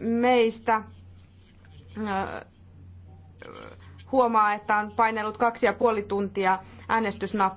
meistä äh, huomaa, että on painellut kaksi ja puoli tuntia äänestysnappia.